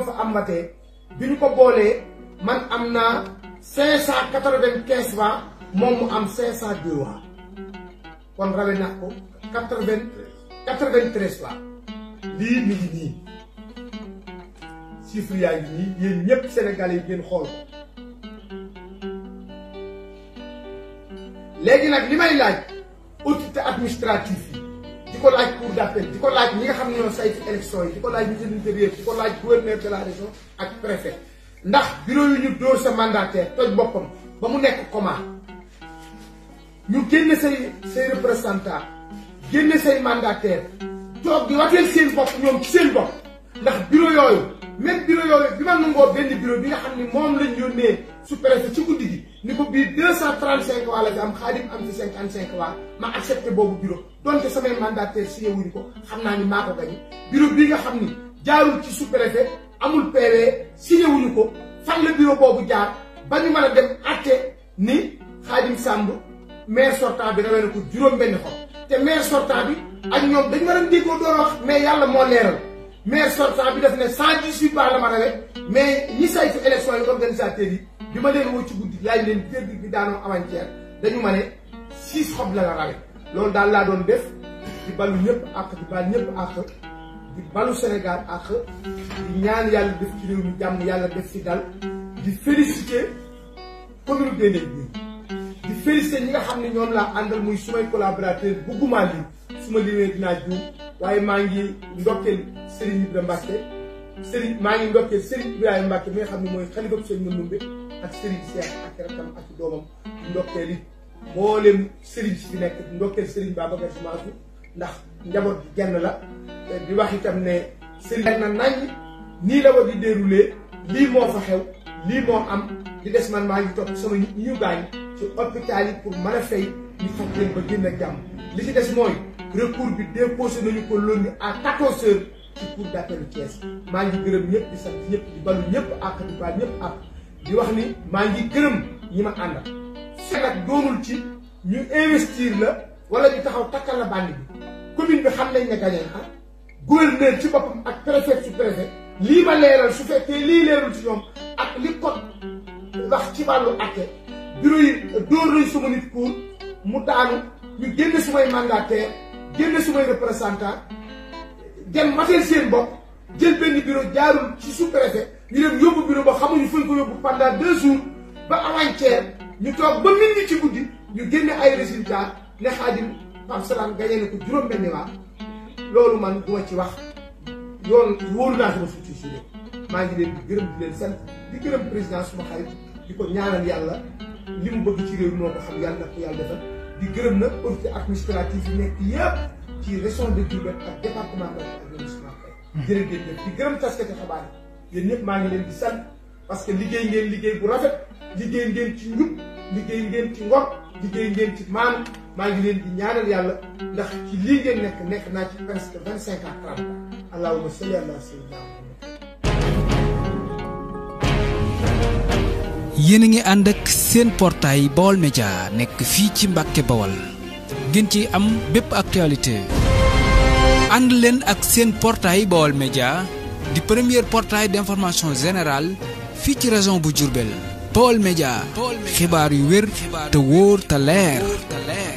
la fa ambatee bi ñu ko boolee man am naa cinq cent quatre-vingt-quinze voix moom mu am cinq cent deux voix kon rawe na ko quatre lii mi ngi nii chiffre yaa nii yéen ñëpp Sénégalais yi ngeen xool ko léegi nag li may laaj autorité administrative yi ko laaj cour d'appel di ko laaj ñi nga xam ne ñoo saytu élection yi di ko laaj ministre intérieur di ko laaj gouverneur de la région ak préfet ndax bureau yu ñu dóor sa mandataire toj boppam ba mu nekk comment ñu génn say say représentant génn say mandataire toog di wateel seen bopp ñoom ci seen bopp ndax bureau yooyu même bureau yooyu bi ma nangoo benn bureau bi nga xam ne moom lañ yónnee su préfet ci guddi gi ni ko biir deux cent trente cinq waa la fi am xaadim am ci cinquante cinq waa ma accepté boobu bureau donte samay mandataire si yewuñu ko xam naa ni maa ko gañe bureau bi nga xam ni jaarul ci sous amul PV signé wuñu ko fan la bureau boobu jaar ba ñu mën a dem atte ni Khadim Samb maire sortant bi rawee na ko juróom benn xob te maire sortant bi ak ñoom dañ war a déggoo door a wax mais yàlla moo leeral mais sortant bi def ne 118 parlementaires mais ñi saytu élection yi organisateurs yi bi ma leen woo ci guddi laaj leen verdict bi daanoo avantière dañu ma ne six xob la la rawe loolu daal la donne def di balu ñëpp àq di baal ñëpp àq di balou Sénégal àq di ñaan yàlla def ci réew mi jàmm yàlla def ci dal di féliciter communauté neg bi di féliciter ñi nga xamni ñom la andal muy sumay collaborateur bëgguma lii su ma limee dina djou waye ma ngi ndokkeel Serigne Ibra Mbacke Serigne ma ngi ndokkee Serigne Ibrahima Mbacke mi nga xam ne mooy xalifa sëñ ak Serigne Cheikh ak rakkam ak domam ndokkee li mboolem Serigne si nek ndokkee Serigne Babacar Sy ndax njaboot bi genn la di wax itam né Serigne na nañ ni la wa di déroulé li mo fa xew li mo am di dess man ma ngi top sama nit ñi ñu gaañ ci hôpital yi pour mën a fay ñu faj leen ba génn ak li ci dess moy recours bi déposé nañu ko lundi à 14 h ci cour d'appel Thiès maa ngi gërëm ñëpp di sant ñëpp di balu ñëpp àq di ñëpp àq di wax ni maa ngi gërëm ñi ma àndal. seen ak doonul ci ñu investir la wala ñu taxaw takkal la bànn bi commune bi xam nañ ne gagné na gouverneur ci boppam ak préfet su préfet lii ma leeral su fekkee lii leerul ci ñoom ak li ko wax ci wàllu àtte bureau yi dóor nañ suma nit cour mu daanu ñu génn sumay mandataire génn sumay représentant dem mateel seen bopp jël benn bureau jaarul ci sous-préfet ñu dem yóbbu bureau ba xamuñu fuñ ko yóbbu pendant deux jours ba avanceer ñu toog ba min ni ci guddi ñu génne ay résultats ne xaadim Pape Salam gañee na ko juróom benni waa loolu man duma ci wax yoon wóoru naa sama futur si maa ngi leen di gërëm di leen sant di gërëm président suma xarit di ko ñaanal yàlla li mu bëgg ci réew noo ko xam yàlla na ko yàlla defal di gërëm nag autorité administrative jërë ngeen jëf di gërëm taskati xabaar yi yéen ñëpp maa ngi leen di sant parce que liggéey ngeen liggéey bu rafet liggéey ngeen ci njub liggéey ngeen ci ngor liggéey ngeen ci maanu maa ngi leen di ñaanal yàlla ndax ci lii ngeen nekk nekk naa ci presque vingt cinq ans trente allahuma salli ala sayyidina yéen a ngi ànd ak seen portail Média nekk fii ci Mbàkke Bawal gën ci am bépp actualité ànd leen ak seen portail Paul Media, di premier portail d'information générale fii ci région bu Diourbel Paul Media xibaar yu te